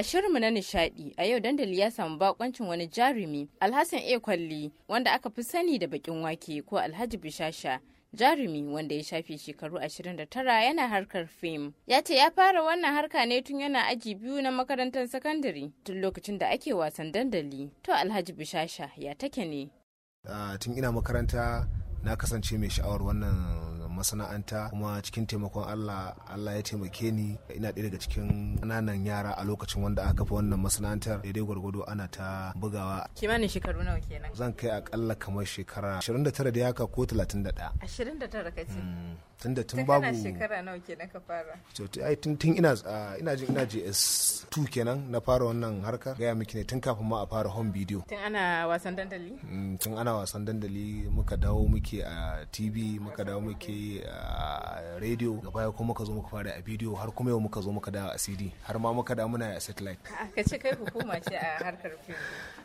A shirinmu na nishadi a yau dandali ya samu bakoncin wani jarumi Alhassan A kwalli wanda aka fi sani da bakin wake ko Alhaji Bishasha jarumi wanda ya shafe shekaru 29 yana harkar fim ya ce ya fara wannan harka ne tun yana aji biyu na makarantar sakandare tun lokacin da ake wasan dandali to alhaji bishasha ya take ne uh, tun ina makaranta na kasance mai sha'awar wannan masana'anta kuma cikin taimakon Allah Allah ya taimake ni ina ɗaya daga cikin ƙananan yara a lokacin wanda aka kafa wannan masana'antar daidai gwargwado ana ta bugawa kimanin shekaru nawa kenan zan kai akalla kamar shekara 29 da yaka ko 31 29 kace tunda tun babu kana shekara nawa kenan ka fara to ai tun tun ina ina jin ina JS2 kenan na fara wannan harka gaya miki ne tun kafin ma a fara home video tun ana wasan dandali mm, tun ana wasan dandali muka dawo muke a TV muka dawo muke a radio baya kuma muka zo muka fara a video har kuma yau muka zo muka dawo a CD har ma muka dawo muna a satellite ka ce kai hukuma ce a harkar film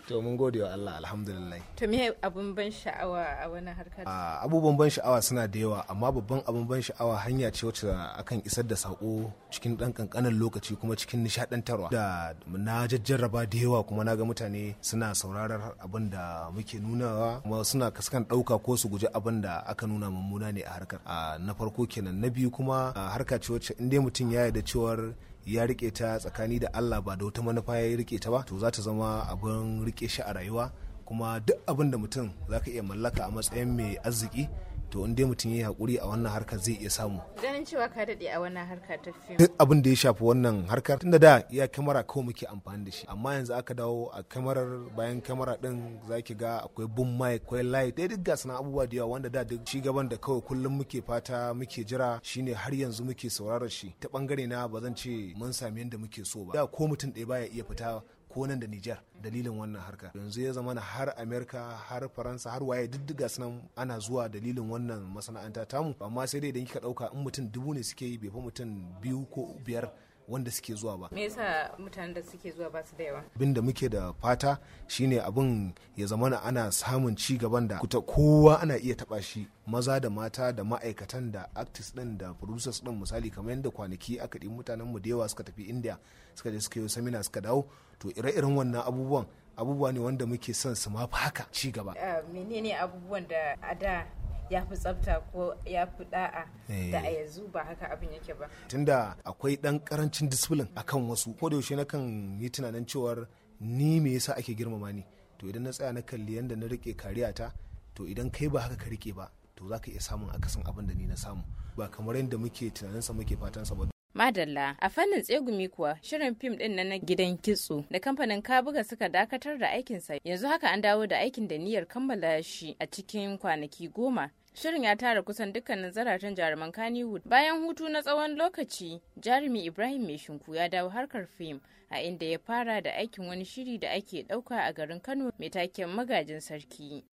to mun gode wa Allah alhamdulillah to me abun ban sha'awa a wannan harkar abubuwan ban sha'awa suna da yawa amma babban abun ban sha'awa hanya ce wacce akan isar da sako cikin dan kankanin lokaci kuma cikin nishadantarwa da na jajjarraba da yawa kuma na ga mutane suna sauraron abin da muke nunawa kuma suna kaskan dauka ko su guji abin da aka nuna mummuna ne a harkar na farko kenan na biyu kuma harka ce wacce in mutum ya yarda cewar ya rike ta tsakani da Allah ba da wata manufa ya rike ta ba to za ta zama abin rike shi a rayuwa kuma duk abin da mutum za ka iya mallaka a matsayin mai arziki to in dai mutum ya yi hakuri a wannan harkar zai iya samu ganin cewa ka daɗe a wannan harkar ta fim duk abin da ya shafi wannan harkar tunda da ya kamera kawai muke amfani da shi amma yanzu aka dawo a kamarar bayan kamera din zaki ga akwai boom mic akwai light dai duk ga sana abubuwa da yawa wanda da duk shi gaban da kawai kullum muke fata muke jira shine har yanzu muke saurara shi ta bangare na ba zan ce mun sami yadda muke so ba da ko mutum ɗaya baya iya fita ko nan da Nijar dalilin wannan harka yanzu ya zama har Amerika har Faransa har waye diddiga sunan ana zuwa dalilin wannan masana'anta tamu amma sai dai idan kika dauka in mutum dubu ne suke yi bai fa mutum biyu ko biyar wanda suke zuwa ba me yasa mutanen da suke zuwa ba su da yawa abin da muke da fata shine abin ya zama na ana samun ci gaban da kuta kowa ana iya taba shi maza da mata da ma'aikatan da artist din da producers din misali kamar yadda kwanaki aka ɗi mutanen mu da yawa suka tafi india suka je suka yi samina suka dawo to ire-iren wannan abubuwan abubuwa ne wanda muke son su ma haka ci gaba eh, menene abubuwan da a da ya fi tsafta ko ya fi da'a da a eh. yanzu ba haka abin yake ba tunda akwai dan karancin disiplin akan wasu ko da yaushe na kan yi tunanin cewar ni me yasa ake girmama ni to idan na tsaya na kalli yanda na rike kariyata to idan kai ba haka ka rike ba to za ka iya samun akasin abin da ni na samu ba kamar yadda muke tunaninsa muke fatansa ba Madalla a fannin tsegumi kuwa shirin fim din na na gidan kitso da kamfanin kabuga suka dakatar da aikinsa yanzu haka an dawo da aikin da niyyar kammala shi a cikin kwanaki goma. Shirin ya tara kusan dukkanin zaratan jaruman Kannywood. Bayan hutu na tsawon lokaci, jarumi Ibrahim Mai Shinku ya dawo harkar fim a inda ya fara da aikin wani shiri da ake ɗauka a garin Kano mai taken magajin sarki.